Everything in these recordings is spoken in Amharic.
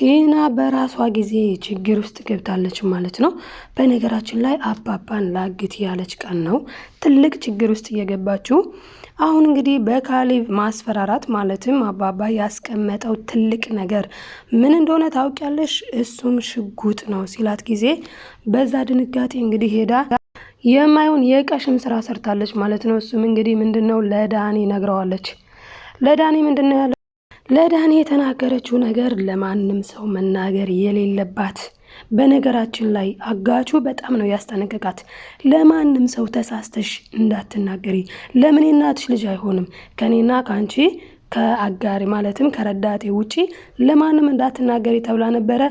ቴና በራሷ ጊዜ ችግር ውስጥ ገብታለች ማለት ነው። በነገራችን ላይ አባባን ላግት ያለች ቀን ነው ትልቅ ችግር ውስጥ እየገባችው። አሁን እንግዲህ በካሌብ ማስፈራራት ማለትም አባባ ያስቀመጠው ትልቅ ነገር ምን እንደሆነ ታውቂያለሽ፣ እሱም ሽጉጥ ነው ሲላት ጊዜ በዛ ድንጋጤ እንግዲህ ሄዳ የማይሆን የቀሽም ስራ ሰርታለች ማለት ነው። እሱም እንግዲህ ምንድን ነው ለዳኒ ነግረዋለች። ለዳኒ ምንድን ነው ያለ ለዳኒ የተናገረችው ነገር ለማንም ሰው መናገር የሌለባት በነገራችን ላይ አጋቹ በጣም ነው ያስጠነቀቃት። ለማንም ሰው ተሳስተሽ እንዳትናገሪ፣ ለምን እናትሽ ልጅ አይሆንም ከኔና ከአንቺ ከአጋሪ ማለትም ከረዳቴ ውጪ ለማንም እንዳትናገሪ ተብላ ነበረ።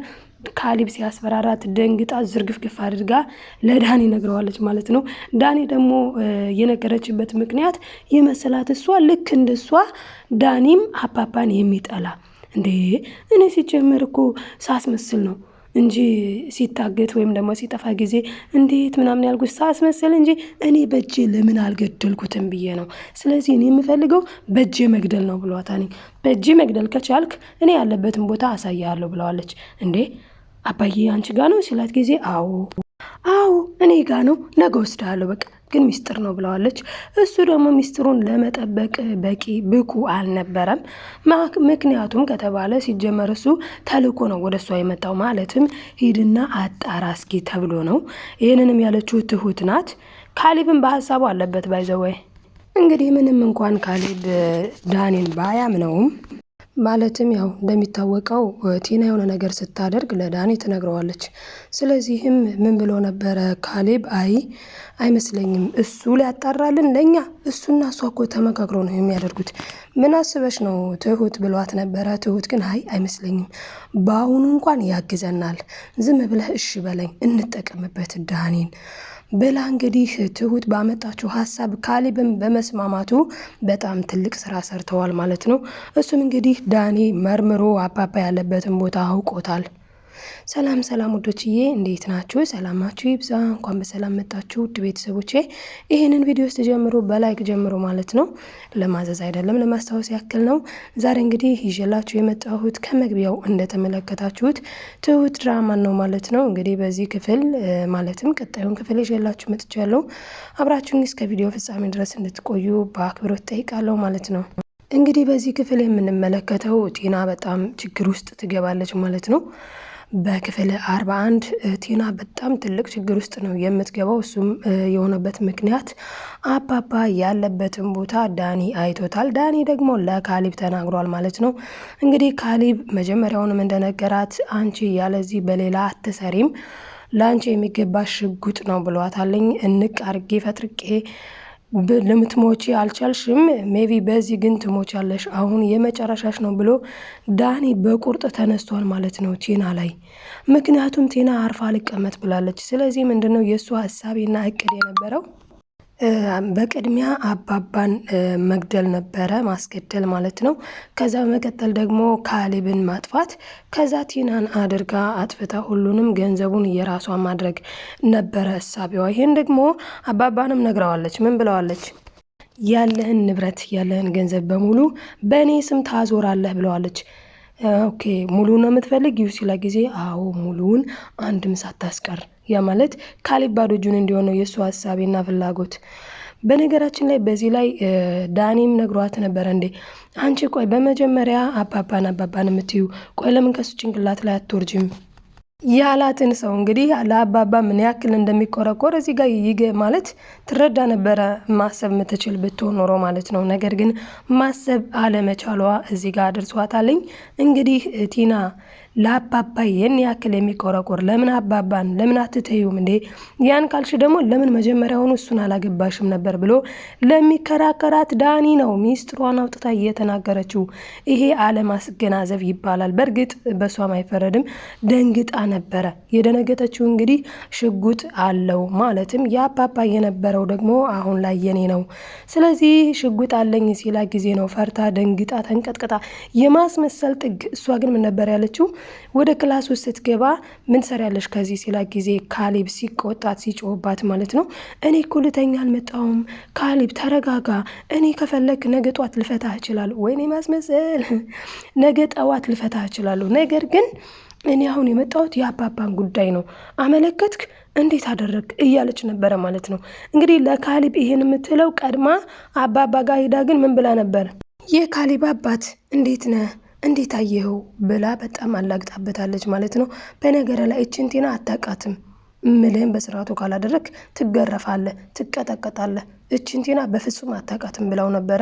ካሊብ ሲያስፈራራት ደንግጣ ዝርግፍግፍ አድርጋ ለዳኒ ነግረዋለች ማለት ነው። ዳኒ ደግሞ የነገረችበት ምክንያት የመሰላት እሷ ልክ እንደሷ ዳኒም አፓፓን የሚጠላ እንዴ እኔ ሲጀምር እኮ ሳስመስል ነው እንጂ ሲታገት ወይም ደግሞ ሲጠፋ ጊዜ እንዴት ምናምን ያልኩት ሳስመስል እንጂ እኔ በእጄ ለምን አልገደልኩትም ብዬ ነው። ስለዚህ እኔ የምፈልገው በእጄ መግደል ነው ብለዋታ። በእጄ መግደል ከቻልክ እኔ ያለበትን ቦታ አሳያለሁ ብለዋለች። እንዴ አባዬ አንቺ ጋ ነው ሲላት ጊዜ አዎ አዎ እኔ ጋ ነው ነገ ወስዳለሁ በቃ ግን ሚስጥር ነው ብለዋለች። እሱ ደግሞ ሚስጥሩን ለመጠበቅ በቂ ብቁ አልነበረም። ምክንያቱም ከተባለ ሲጀመር እሱ ተልኮ ነው ወደ እሷ የመጣው ማለትም ሂድና አጣራ እስኪ ተብሎ ነው። ይህንንም ያለችው ትሁት ናት። ካሊብን በሀሳቡ አለበት ባይዘወይ እንግዲህ ምንም እንኳን ካሊብ ዳኔን ባያምነውም ማለትም ያው እንደሚታወቀው ቲና የሆነ ነገር ስታደርግ ለዳኒ ትነግረዋለች። ስለዚህም ምን ብሎ ነበረ ካሌብ? አይ አይመስለኝም፣ እሱ ሊያጣራልን ለእኛ እሱና እሷ እኮ ተመካክሮ ነው የሚያደርጉት። ምን አስበሽ ነው ትሁት ብሏት ነበረ። ትሁት ግን አይ አይመስለኝም፣ በአሁኑ እንኳን ያግዘናል፣ ዝም ብለህ እሺ በለኝ፣ እንጠቀምበት ዳኒን ብላ እንግዲህ ትሁት ባመጣችው ሀሳብ ካሌብን በመስማማቱ በጣም ትልቅ ስራ ሰርተዋል ማለት ነው። እሱም እንግዲህ ዳኒ መርምሮ አባባ ያለበትን ቦታ አውቆታል። ሰላም ሰላም ውዶችዬ እንዴት ናችሁ? ሰላማችሁ ይብዛ። እንኳን በሰላም መጣችሁ ውድ ቤተሰቦቼ። ይህንን ቪዲዮ ውስጥ ጀምሮ በላይክ ጀምሮ ማለት ነው ለማዘዝ አይደለም ለማስታወስ ያክል ነው። ዛሬ እንግዲህ ይዤላችሁ የመጣሁት ከመግቢያው እንደተመለከታችሁት ትሁት ድራማ ነው ማለት ነው። እንግዲህ በዚህ ክፍል ማለትም ቀጣዩን ክፍል ይዤላችሁ መጥቻለሁ። አብራችሁን እስከ ቪዲዮ ፍጻሜ ድረስ እንድትቆዩ በአክብሮት ጠይቃለሁ ማለት ነው። እንግዲህ በዚህ ክፍል የምንመለከተው ቲና በጣም ችግር ውስጥ ትገባለች ማለት ነው። በክፍል 41 ቲና በጣም ትልቅ ችግር ውስጥ ነው የምትገባው። እሱም የሆነበት ምክንያት አባባ ያለበትን ቦታ ዳኒ አይቶታል። ዳኒ ደግሞ ለካሊብ ተናግሯል ማለት ነው። እንግዲህ ካሊብ መጀመሪያውንም እንደነገራት አንቺ ያለዚህ በሌላ አትሰሪም፣ ለአንቺ የሚገባ ሽጉጥ ነው ብሏታለኝ። እንቅ አርጌ ፈጥርቄ ለምትሞቺ አልቻልሽም፣ ሜቢ በዚህ ግን ትሞቻለሽ፣ አሁን የመጨረሻሽ ነው ብሎ ዳኒ በቁርጥ ተነስቷል ማለት ነው ቲና ላይ። ምክንያቱም ቴና አርፋ ልቀመጥ ብላለች። ስለዚህ ምንድን ነው ሀሳቤና እቅድ የነበረው በቅድሚያ አባባን መግደል ነበረ፣ ማስገደል ማለት ነው። ከዛ በመቀጠል ደግሞ ካሌብን ማጥፋት፣ ከዛ ቲናን አድርጋ አጥፍታ ሁሉንም ገንዘቡን የራሷ ማድረግ ነበረ እሳቢዋ። ይህን ደግሞ አባባንም ነግረዋለች። ምን ብለዋለች? ያለህን ንብረት ያለህን ገንዘብ በሙሉ በእኔ ስም ታዞራለህ ብለዋለች። ኦኬ ሙሉውን ነው የምትፈልግ? ሲላ ጊዜ አዎ ሙሉውን አንድም ሳታስቀር ያ ማለት ካሌብ ባዶ እጁን እንዲሆን የእሱ ሀሳቤና ፍላጎት። በነገራችን ላይ በዚህ ላይ ዳኒም ነግሯት ነበረ። እንዴ አንቺ ቆይ በመጀመሪያ አባባን አባባን የምትዩ ቆይ ለምን ከሱ ጭንቅላት ላይ አትወርጅም? ያላትን ሰው እንግዲህ ለአባባ ምን ያክል እንደሚቆረቆር እዚህ ጋር ይገ ማለት ትረዳ ነበረ፣ ማሰብ የምትችል ብትሆን ኖሮ ማለት ነው። ነገር ግን ማሰብ አለመቻሏ እዚህ ጋር አድርሷታለኝ። እንግዲህ ቲና ለአባባ ይህን ያክል የሚቆረቆር ለምን አባባን ለምን አትተዩም እንዴ? ያን ካልሽ ደግሞ ለምን መጀመሪያውኑ እሱን አላገባሽም ነበር ብሎ ለሚከራከራት ዳኒ ነው ሚስጥሯን አውጥታ እየተናገረችው። ይሄ አለማስገናዘብ ይባላል። በእርግጥ በሷም አይፈረድም። ደንግጣ ነበረ። የደነገጠችው እንግዲህ ሽጉጥ አለው ማለትም የአባባ የነበረው ደግሞ አሁን ላይ የኔ ነው። ስለዚህ ሽጉጥ አለኝ ሲላ ጊዜ ነው ፈርታ ደንግጣ ተንቀጥቅጣ የማስመሰል ጥግ። እሷ ግን ምን ነበር ያለችው? ወደ ክላስ ውስጥ ስትገባ ምን ሰሪያለሽ ከዚህ ሲላ ጊዜ ካሌብ ሲቆጣት ሲጮህባት ማለት ነው። እኔ እኮ ልተኛ አልመጣሁም። ካሌብ ተረጋጋ፣ እኔ ከፈለግ ነገ ጠዋት ልፈታህ እችላለሁ። ወይኔ ማስመሰል፣ ነገ ጠዋት ልፈታ እችላለሁ። ነገር ግን እኔ አሁን የመጣሁት የአባባን ጉዳይ ነው። አመለከትክ እንዴት አደረግ እያለች ነበረ ማለት ነው። እንግዲህ ለካሊብ ይሄን የምትለው ቀድማ አባባ ጋር ሄዳ ግን ምን ብላ ነበር? የካሊብ አባት እንዴት ነህ እንዴት አየኸው ብላ በጣም አላግጣበታለች ማለት ነው። በነገር ላይ እችን ቲና አታውቃትም። ምልህን በስርዓቱ ካላደረግ ትገረፋለህ፣ ትቀጠቀጣለህ። እችን ቲና በፍጹም አታውቃትም ብለው ነበረ።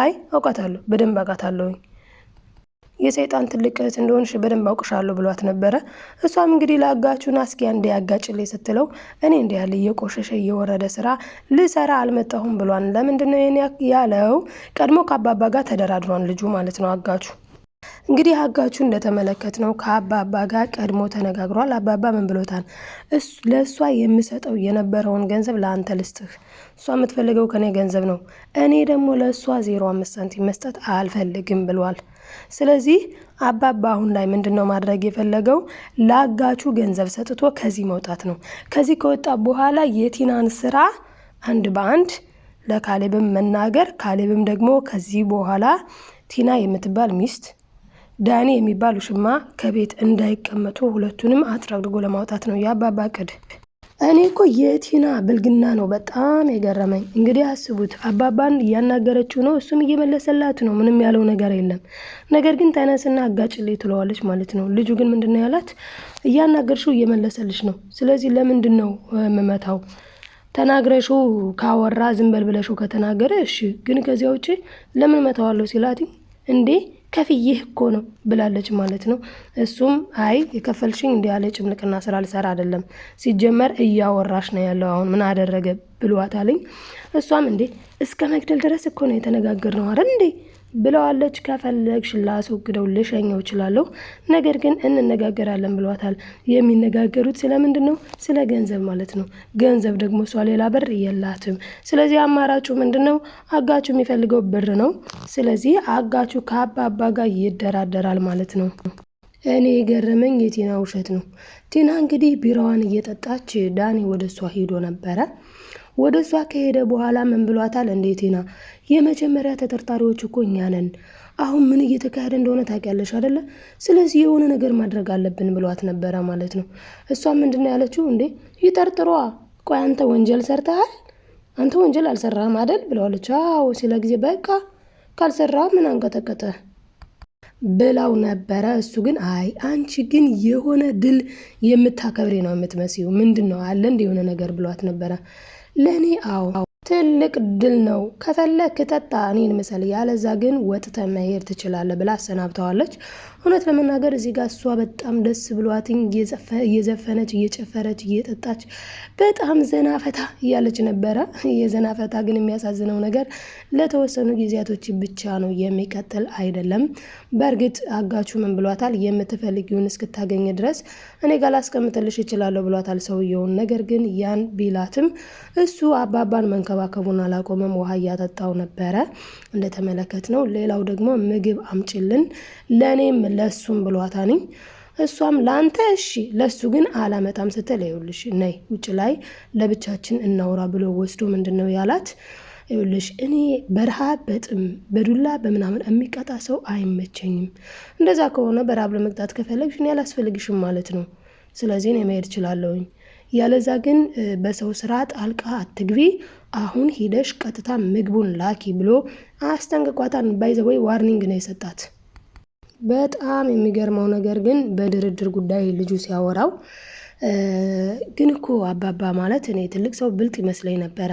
አይ አውቃታለሁ፣ በደንብ አውቃታለሁኝ የሰይጣን ትልቅ እህት እንደሆንሽ በደንብ አውቅሻለሁ ብሏት ነበረ። እሷም እንግዲህ ለአጋቹን አስኪያ እንዲያጋጭልኝ ስትለው እኔ እንዲ ያለ እየቆሸሸ እየወረደ ስራ ልሰራ አልመጣሁም ብሏን። ለምንድነው ያለው? ቀድሞ ከአባባ ጋር ተደራድሯን ልጁ ማለት ነው አጋችሁ። እንግዲህ አጋቹ ነው ከአባባ ጋር ቀድሞ ተነጋግሯል። አባባ ምን ብሎታል? ለእሷ የምሰጠው የነበረውን ገንዘብ ለአንተ ልስጥህ፣ እሷ የምትፈልገው ከኔ ገንዘብ ነው፣ እኔ ደግሞ ለእሷ ዜሮ አምስት ሳንቲም መስጠት አልፈልግም ብሏል። ስለዚህ አባባ አሁን ላይ ምንድን ነው ማድረግ የፈለገው? ለአጋቹ ገንዘብ ሰጥቶ ከዚህ መውጣት ነው። ከዚህ ከወጣ በኋላ የቲናን ስራ አንድ በአንድ ለካሌብም መናገር፣ ካሌብም ደግሞ ከዚህ በኋላ ቲና የምትባል ሚስት ዳኒ የሚባል ውሽማ ከቤት እንዳይቀመጡ ሁለቱንም አጥራግድጎ ለማውጣት ነው የአባባ እቅድ። እኔ እኮ የቲና ብልግና ነው በጣም የገረመኝ። እንግዲህ አስቡት፣ አባባን እያናገረችው ነው፣ እሱም እየመለሰላት ነው። ምንም ያለው ነገር የለም። ነገር ግን ተነስና አጋጭልኝ ትለዋለች ማለት ነው። ልጁ ግን ምንድን ነው ያላት? እያናገርሽው እየመለሰልሽ ነው። ስለዚህ ለምንድን ነው የምመታው? ተናግረሽው ካወራ ዝም በል ብለሽው ከተናገረ እሺ፣ ግን ከዚያ ውጭ ለምን መተዋለሁ? ሲላት እንዴ ከፍዬህ እኮ ነው ብላለች ማለት ነው። እሱም አይ የከፈልሽኝ እንዲህ ያለ ጭምልቅና ስራ ልሰራ አይደለም፣ ሲጀመር እያወራሽ ነው ያለው አሁን ምን አደረገ ብሏታልኝ። እሷም እንዴ እስከ መግደል ድረስ እኮ ነው የተነጋገርነው አይደል እንዴ ብለዋለች። ከፈለግሽ ላስወግደው ልሸኘው እችላለሁ፣ ነገር ግን እንነጋገራለን ብለዋታል። የሚነጋገሩት ስለምንድን ነው? ስለ ገንዘብ ማለት ነው። ገንዘብ ደግሞ እሷ ሌላ በር የላትም። ስለዚህ አማራጩ ምንድን ነው? አጋቹ የሚፈልገው ብር ነው። ስለዚህ አጋቹ ከአባባ ጋር ይደራደራል ማለት ነው። እኔ የገረመኝ የቲና ውሸት ነው። ቲና እንግዲህ ቢራዋን እየጠጣች ዳኒ ወደ እሷ ሂዶ ነበረ ወደ እሷ ከሄደ በኋላ ምን ብሏታል? እንዴቴና የመጀመሪያ ተጠርጣሪዎች እኮ እኛ ነን። አሁን ምን እየተካሄደ እንደሆነ ታውቂያለሽ አደለ? ስለዚህ የሆነ ነገር ማድረግ አለብን ብሏት ነበረ ማለት ነው። እሷ ምንድን ነው ያለችው? እንዴ ይጠርጥሯ። ቆይ አንተ ወንጀል ሰርተሃል? አንተ ወንጀል አልሰራህም አደል? ብለዋለች። አዎ ሲለ ጊዜ በቃ ካልሰራ ምን አንቀጠቀጠ ብላው ነበረ። እሱ ግን አይ አንቺ ግን የሆነ ድል የምታከብሬ ነው የምትመስዩ ምንድን ነው አለ እንደ የሆነ ነገር ብሏት ነበረ። ለእኔ አዎ ትልቅ ድል ነው። ከፈለክ ጠጣ እኔን ምሰል፣ ያለዛ ግን ወጥተ መሄድ ትችላለ ብላ አሰናብተዋለች። እውነት ለመናገር እዚህ ጋር እሷ በጣም ደስ ብሏትኝ እየዘፈነች እየጨፈረች እየጠጣች በጣም ዘናፈታ እያለች ነበረ። የዘናፈታ ግን የሚያሳዝነው ነገር ለተወሰኑ ጊዜያቶች ብቻ ነው የሚቀጥል አይደለም። በእርግጥ አጋቹ ምን ብሏታል? የምትፈልጊውን እስክታገኝ ድረስ እኔ ጋር ላስቀምጥልሽ ይችላለሁ ብሏታል ሰውየውን። ነገር ግን ያን ቢላትም እሱ አባባን መንከባከቡን አላቆመም። ውሃ እያጠጣው ነበረ እንደተመለከት ነው። ሌላው ደግሞ ምግብ አምጭልን ለእኔም ለእሱም ብሏታ ነኝ እሷም ለአንተ እሺ ለእሱ ግን አላመጣም ስትል ይኸውልሽ ነይ ውጭ ላይ ለብቻችን እናውራ ብሎ ወስዶ ምንድን ነው ያላት ይኸውልሽ እኔ በረሃ በጥም በዱላ በምናምን የሚቀጣ ሰው አይመቸኝም። እንደዛ ከሆነ በረሃብ ለመቅጣት ከፈለግሽ እኔ አላስፈልግሽም ማለት ነው። ስለዚህ እኔ መሄድ እችላለሁኝ። ያለዛ ግን በሰው ስራ ጣልቃ አትግቢ፣ አሁን ሂደሽ ቀጥታ ምግቡን ላኪ ብሎ አስጠንቅቋታን። ባይዘወይ ዋርኒንግ ነው የሰጣት። በጣም የሚገርመው ነገር ግን በድርድር ጉዳይ ልጁ ሲያወራው ግን እኮ አባባ ማለት እኔ ትልቅ ሰው ብልጥ ይመስለኝ ነበረ።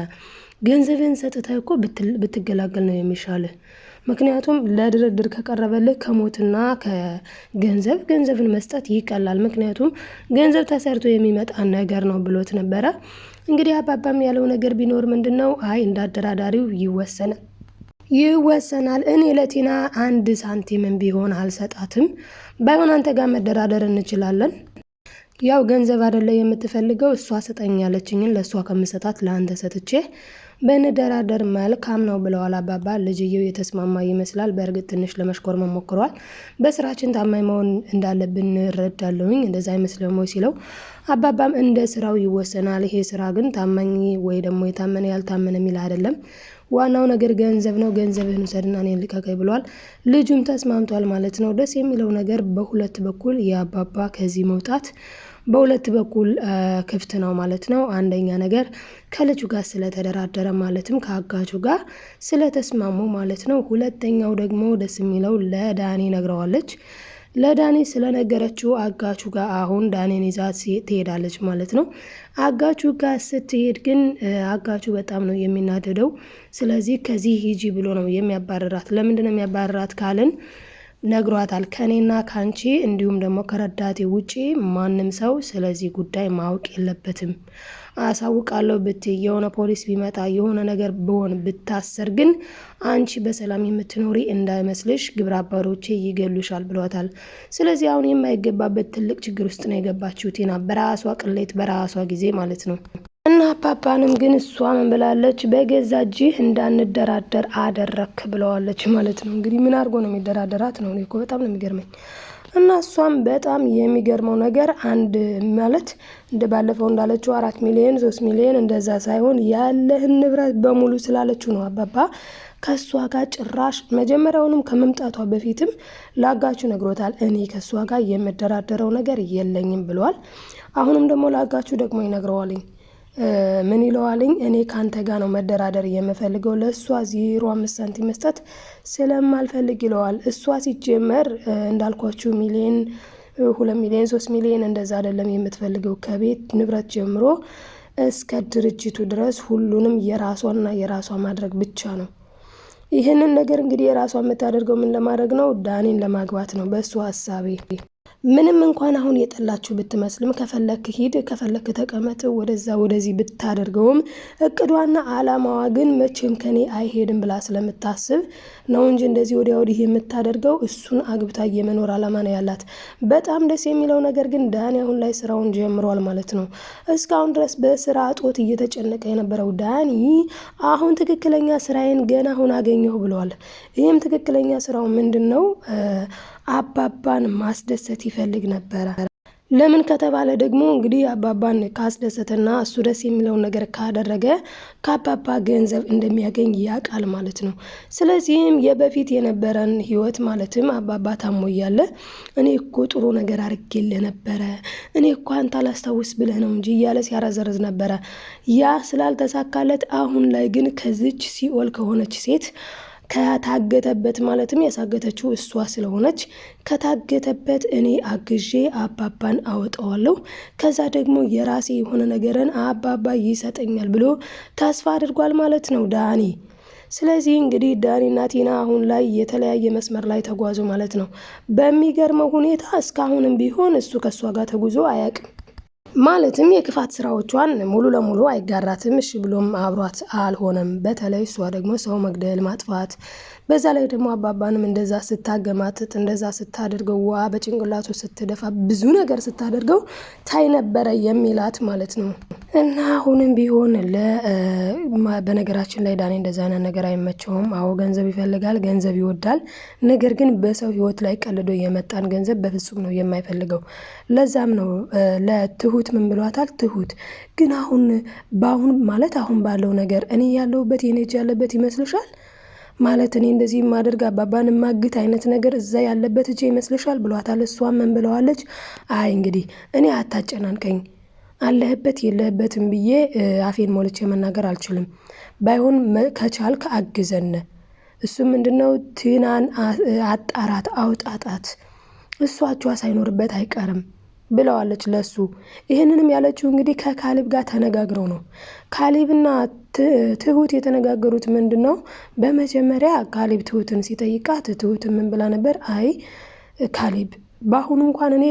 ገንዘብን ሰጥተህ እኮ ብትገላገል ነው የሚሻልህ። ምክንያቱም ለድርድር ከቀረበልህ ከሞትና ከገንዘብ ገንዘብን መስጠት ይቀላል። ምክንያቱም ገንዘብ ተሰርቶ የሚመጣ ነገር ነው ብሎት ነበረ። እንግዲህ አባባም ያለው ነገር ቢኖር ምንድን ነው? አይ እንደ አደራዳሪው ይወሰናል ይወሰናል። እኔ ለቲና አንድ ሳንቲምም ቢሆን አልሰጣትም። ባይሆን አንተ ጋር መደራደር እንችላለን። ያው ገንዘብ አይደለ የምትፈልገው እሷ ስጠኝ ያለችኝን ለእሷ ከምሰጣት ለአንተ ሰጥቼ በንደራደር መልካም ነው ብለዋል አባባ። ልጅየው የተስማማ ይመስላል። በእርግጥ ትንሽ ለመሽኮር መሞክሯል። በስራችን ታማኝ መሆን እንዳለብን እረዳለሁኝ። እንደዛ አይመስልም ወይ ሲለው አባባም እንደ ስራው ይወሰናል። ይሄ ስራ ግን ታማኝ ወይ ደግሞ የታመነ ያልታመነ የሚል አይደለም። ዋናው ነገር ገንዘብ ነው፣ ገንዘብህን ውሰድና እኔን ልቀቀኝ ብሏል። ልጁም ተስማምቷል ማለት ነው። ደስ የሚለው ነገር በሁለት በኩል የአባባ ከዚህ መውጣት በሁለት በኩል ክፍት ነው ማለት ነው። አንደኛ ነገር ከልጁ ጋር ስለተደራደረ ማለትም ከአጋቹ ጋር ስለተስማሙ ማለት ነው። ሁለተኛው ደግሞ ደስ የሚለው ለዳኒ ነግረዋለች። ለዳኔ ስለነገረችው አጋቹ ጋር አሁን ዳኔን ይዛ ትሄዳለች ማለት ነው። አጋቹ ጋር ስትሄድ ግን አጋቹ በጣም ነው የሚናደደው። ስለዚህ ከዚህ ሂጂ ብሎ ነው የሚያባረራት። ለምንድን ነው የሚያባረራት ካልን ነግሯታል። ከእኔና ከአንቺ እንዲሁም ደግሞ ከረዳቴ ውጪ ማንም ሰው ስለዚህ ጉዳይ ማወቅ የለበትም። አሳውቃለሁ ብትይ የሆነ ፖሊስ ቢመጣ የሆነ ነገር ብሆን ብታሰር ግን አንቺ በሰላም የምትኖሪ እንዳይመስልሽ ግብረ አበሮቼ ይገሉሻል ብሏታል። ስለዚህ አሁን የማይገባበት ትልቅ ችግር ውስጥ ነው የገባችሁት ቲና በራሷ ቅሌት በራሷ ጊዜ ማለት ነው። እና አፓፓንም ግን እሷ ምን ብላለች? በገዛ እጅህ እንዳንደራደር አደረክ ብለዋለች ማለት ነው። እንግዲህ ምን አድርጎ ነው የሚደራደራት ነው? እኮ በጣም ነው የሚገርመኝ። እና እሷም በጣም የሚገርመው ነገር አንድ ማለት እንደ ባለፈው እንዳለችው አራት ሚሊዮን ሶስት ሚሊዮን እንደዛ ሳይሆን ያለህን ንብረት በሙሉ ስላለችው ነው አባባ ከእሷ ጋር ጭራሽ መጀመሪያውንም ከመምጣቷ በፊትም ላጋቹ ነግሮታል። እኔ ከእሷ ጋር የምደራደረው ነገር የለኝም ብለዋል። አሁንም ደግሞ ላጋቹ ደግሞ ይነግረዋልኝ ምን ይለዋልኝ እኔ ከአንተ ጋር ነው መደራደር የምፈልገው ለእሷ ዜሮ አምስት ሳንቲም መስጠት ስለማልፈልግ ይለዋል። እሷ ሲጀመር እንዳልኳችሁ ሚሊዮን ሁለት ሚሊዮን ሶስት ሚሊዮን እንደዛ አይደለም የምትፈልገው ከቤት ንብረት ጀምሮ እስከ ድርጅቱ ድረስ ሁሉንም የራሷና የራሷ ማድረግ ብቻ ነው። ይህንን ነገር እንግዲህ የራሷ የምታደርገው ምን ለማድረግ ነው? ዳኔን ለማግባት ነው በእሱ ሀሳቤ ምንም እንኳን አሁን የጠላችሁ ብትመስልም ከፈለክ ሂድ፣ ከፈለክ ተቀመጥ፣ ወደዛ ወደዚህ ብታደርገውም እቅዷና አላማዋ ግን መቼም ከኔ አይሄድም ብላ ስለምታስብ ነው እንጂ እንደዚህ ወዲያ ወዲህ የምታደርገው እሱን አግብታ የመኖር አላማ ነው ያላት። በጣም ደስ የሚለው ነገር ግን ዳኒ አሁን ላይ ስራውን ጀምሯል ማለት ነው። እስካሁን ድረስ በስራ እጦት እየተጨነቀ የነበረው ዳኒ አሁን ትክክለኛ ስራዬን ገና አሁን አገኘሁ ብለዋል። ይህም ትክክለኛ ስራው ምንድን ነው? አባባን ማስደሰት ይፈልግ ነበረ። ለምን ከተባለ ደግሞ እንግዲህ አባባን ካስደሰተና እሱ ደስ የሚለውን ነገር ካደረገ ከአባባ ገንዘብ እንደሚያገኝ ያውቃል ማለት ነው። ስለዚህም የበፊት የነበረን ህይወት ማለትም አባባ ታሞ እያለ እኔ እኮ ጥሩ ነገር አድርጌልህ ነበረ፣ እኔ እኮ አንተ አላስታውስ ብለህ ነው እንጂ እያለ ሲያረዘርዝ ነበረ። ያ ስላልተሳካለት አሁን ላይ ግን ከዚች ሲኦል ከሆነች ሴት ከታገተበት ማለትም ያሳገተችው እሷ ስለሆነች ከታገተበት እኔ አግዤ አባባን አወጣዋለሁ። ከዛ ደግሞ የራሴ የሆነ ነገርን አባባ ይሰጠኛል ብሎ ተስፋ አድርጓል ማለት ነው ዳኒ። ስለዚህ እንግዲህ ዳኒና ቲና አሁን ላይ የተለያየ መስመር ላይ ተጓዙ ማለት ነው። በሚገርመው ሁኔታ እስካሁንም ቢሆን እሱ ከእሷ ጋር ተጉዞ አያውቅም። ማለትም የክፋት ስራዎቿን ሙሉ ለሙሉ አይጋራትም፣ እሺ ብሎም አብሯት አልሆነም። በተለይ እሷ ደግሞ ሰው መግደል ማጥፋት በዛ ላይ ደግሞ አባባንም እንደዛ ስታገማትት እንደዛ ስታደርገው ዋ በጭንቅላቱ ስትደፋ ብዙ ነገር ስታደርገው ታይ ነበረ የሚላት ማለት ነው። እና አሁንም ቢሆን በነገራችን ላይ ዳኔ እንደዛ አይነት ነገር አይመቸውም። አዎ ገንዘብ ይፈልጋል፣ ገንዘብ ይወዳል። ነገር ግን በሰው ህይወት ላይ ቀልዶ የመጣን ገንዘብ በፍጹም ነው የማይፈልገው። ለዛም ነው ለትሁት ምን ብሏታል? ትሁት ግን አሁን በአሁን ማለት አሁን ባለው ነገር እኔ ያለሁበት የኔ እጅ ያለበት ይመስልሻል? ማለት እኔ እንደዚህ የማደርግ አባባን ማግት አይነት ነገር እዛ ያለበት እጄ ይመስልሻል ብሏታል። እሷም ምን ብለዋለች? አይ እንግዲህ እኔ አታጨናንቀኝ አለህበት የለህበትም ብዬ አፌን ሞልቼ መናገር አልችልም። ባይሆን ከቻልክ አግዘን። እሱ ምንድነው ቲናን አጣራት፣ አውጣጣት። እሷቿ ሳይኖርበት አይቀርም። ብለዋለች ለሱ። ይህንንም ያለችው እንግዲህ ከካሊብ ጋር ተነጋግረው ነው። ካሊብና ትሁት የተነጋገሩት ምንድን ነው? በመጀመሪያ ካሊብ ትሁትን ሲጠይቃት ትሁት ምን ብላ ነበር? አይ ካሊብ በአሁኑ እንኳን እኔ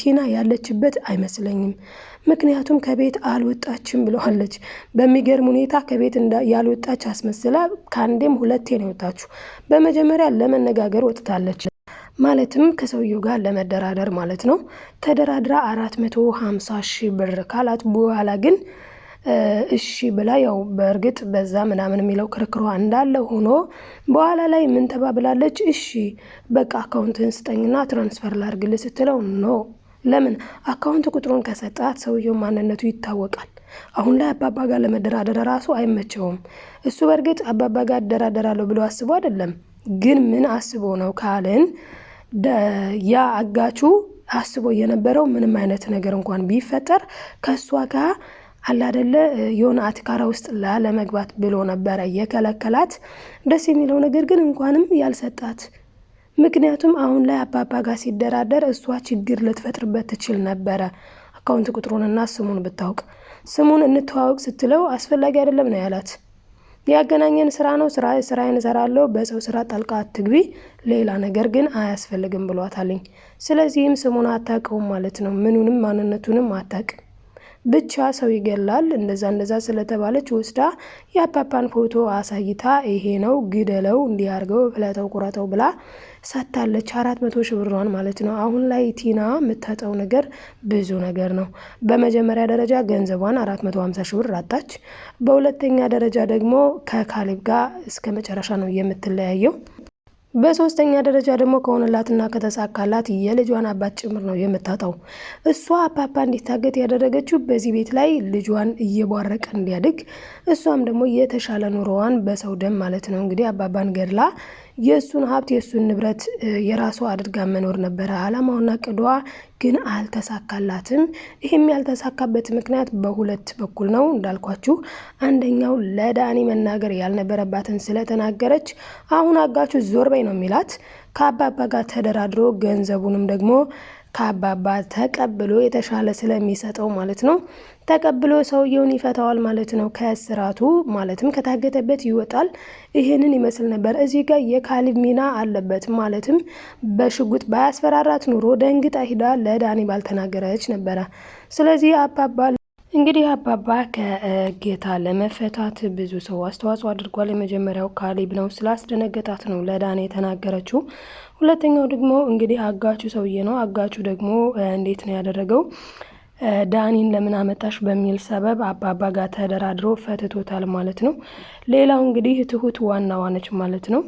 ቲና ያለችበት አይመስለኝም፣ ምክንያቱም ከቤት አልወጣችም ብለዋለች። በሚገርም ሁኔታ ከቤት ያልወጣች አስመስላ ከአንዴም ሁለቴ ነው የወጣችሁ። በመጀመሪያ ለመነጋገር ወጥታለች። ማለትም ከሰውየው ጋር ለመደራደር ማለት ነው። ተደራድራ አራት መቶ ሀምሳ ሺህ ብር ካላት በኋላ ግን እሺ ብላ ያው በእርግጥ በዛ ምናምን የሚለው ክርክሯ እንዳለ ሆኖ በኋላ ላይ ምን ተባብላለች? እሺ በቃ አካውንትን ስጠኝና ትራንስፈር ላርግል ስትለው ኖ ለምን አካውንት ቁጥሩን ከሰጣት ሰውየው ማንነቱ ይታወቃል። አሁን ላይ አባባ ጋር ለመደራደር ራሱ አይመቸውም። እሱ በእርግጥ አባባ ጋር እደራደራለሁ ብሎ አስቦ አይደለም፣ ግን ምን አስቦ ነው ካልን ያ አጋቹ አስቦ የነበረው ምንም አይነት ነገር እንኳን ቢፈጠር ከእሷ ጋር አላደለ የሆነ አትካራ ውስጥ ላለመግባት ብሎ ነበረ የከለከላት። ደስ የሚለው ነገር ግን እንኳንም ያልሰጣት ምክንያቱም አሁን ላይ አባባ ጋር ሲደራደር እሷ ችግር ልትፈጥርበት ትችል ነበረ። አካውንት ቁጥሩንና ስሙን ብታውቅ ስሙን እንተዋወቅ ስትለው አስፈላጊ አይደለም ነው ያላት። ያገናኘን ስራ ነው። ስራ ስራዬን እሰራለሁ። በሰው ስራ ጣልቃ አትግቢ፣ ሌላ ነገር ግን አያስፈልግም ብሏታለኝ። ስለዚህም ስሙን አታውቀውም ማለት ነው። ምኑንም ማንነቱንም አታውቅም። ብቻ ሰው ይገላል እንደዛ እንደዛ ስለተባለች ወስዳ የአፓፓን ፎቶ አሳይታ ይሄ ነው ግደለው፣ እንዲያርገው፣ ፍለተው፣ ቁረጠው ብላ ሰታለች። አራት መቶ ሺህ ብሯን ማለት ነው። አሁን ላይ ቲና የምታጠው ነገር ብዙ ነገር ነው። በመጀመሪያ ደረጃ ገንዘቧን አራት መቶ ሀምሳ ሺህ ብር አጣች። በሁለተኛ ደረጃ ደግሞ ከካሌብ ጋር እስከ መጨረሻ ነው የምትለያየው። በሶስተኛ ደረጃ ደግሞ ከሆነላትና ከተሳካላት የልጇን አባት ጭምር ነው የምታጣው። እሷ አፓፓ እንዲታገት ያደረገችው በዚህ ቤት ላይ ልጇን እየቧረቀ እንዲያድግ እሷም ደግሞ የተሻለ ኑሮዋን በሰው ደም ማለት ነው እንግዲህ አባባን ገድላ የእሱን ሀብት የእሱን ንብረት የራሷ አድርጋ መኖር ነበረ አላማውና ቅዷ፣ ግን አልተሳካላትም። ይህም ያልተሳካበት ምክንያት በሁለት በኩል ነው እንዳልኳችሁ፣ አንደኛው ለዳኒ መናገር ያልነበረባትን ስለተናገረች አሁን አጋቹ ዞር በይ ነው የሚላት። ከአባባ ጋር ተደራድሮ ገንዘቡንም ደግሞ ከአባባ ተቀብሎ የተሻለ ስለሚሰጠው ማለት ነው ተቀብሎ ሰውየውን ይፈታዋል ማለት ነው። ከስራቱ ማለትም ከታገተበት ይወጣል። ይህንን ይመስል ነበር። እዚህ ጋር የካሊብ ሚና አለበት። ማለትም በሽጉጥ ባያስፈራራት ኑሮ ደንግጣ ሂዳ ለዳኒ ባልተናገረች ነበረ። ስለዚህ አባባ እንግዲህ አባባ ከጌታ ለመፈታት ብዙ ሰው አስተዋጽኦ አድርጓል። የመጀመሪያው ካሊብ ነው፣ ስላስደነገጣት ነው ለዳኔ የተናገረችው። ሁለተኛው ደግሞ እንግዲህ አጋቹ ሰውዬ ነው። አጋቹ ደግሞ እንዴት ነው ያደረገው? ዳኒን ለምን አመጣሽ በሚል ሰበብ አባባ ጋር ተደራድሮ ፈትቶታል ማለት ነው። ሌላው እንግዲህ ትሁት ዋናዋ ነች ማለት ነው።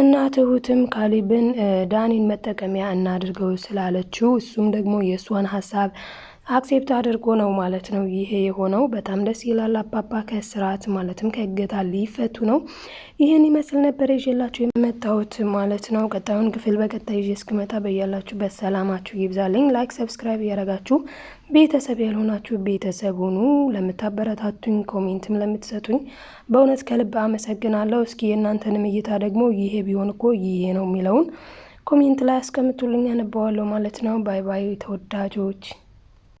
እና ትሁትም ካሊብን ዳኒን መጠቀሚያ እናድርገው ስላለችው እሱም ደግሞ የእሷን ሀሳብ አክሴፕት አድርጎ ነው ማለት ነው ይሄ የሆነው። በጣም ደስ ይላል። አባባ ከስርዓት ማለትም ከእገታ ሊፈቱ ነው። ይህን ይመስል ነበር ይዤላችሁ የመጣሁት ማለት ነው። ቀጣዩን ክፍል በቀጣይ ይዤ እስክመጣ በያላችሁ በሰላማችሁ ይብዛልኝ። ላይክ፣ ሰብስክራይብ እያደረጋችሁ ቤተሰብ ያልሆናችሁ ቤተሰብ ሁኑ። ለምታበረታቱኝ ኮሜንትም ለምትሰጡኝ በእውነት ከልብ አመሰግናለሁ። እስኪ የእናንተንም እይታ ደግሞ ይሄ ቢሆን እኮ ይሄ ነው የሚለውን ኮሜንት ላይ አስቀምጡልኝ፣ አነባዋለሁ ማለት ነው። ባይ ባይ ተወዳጆች።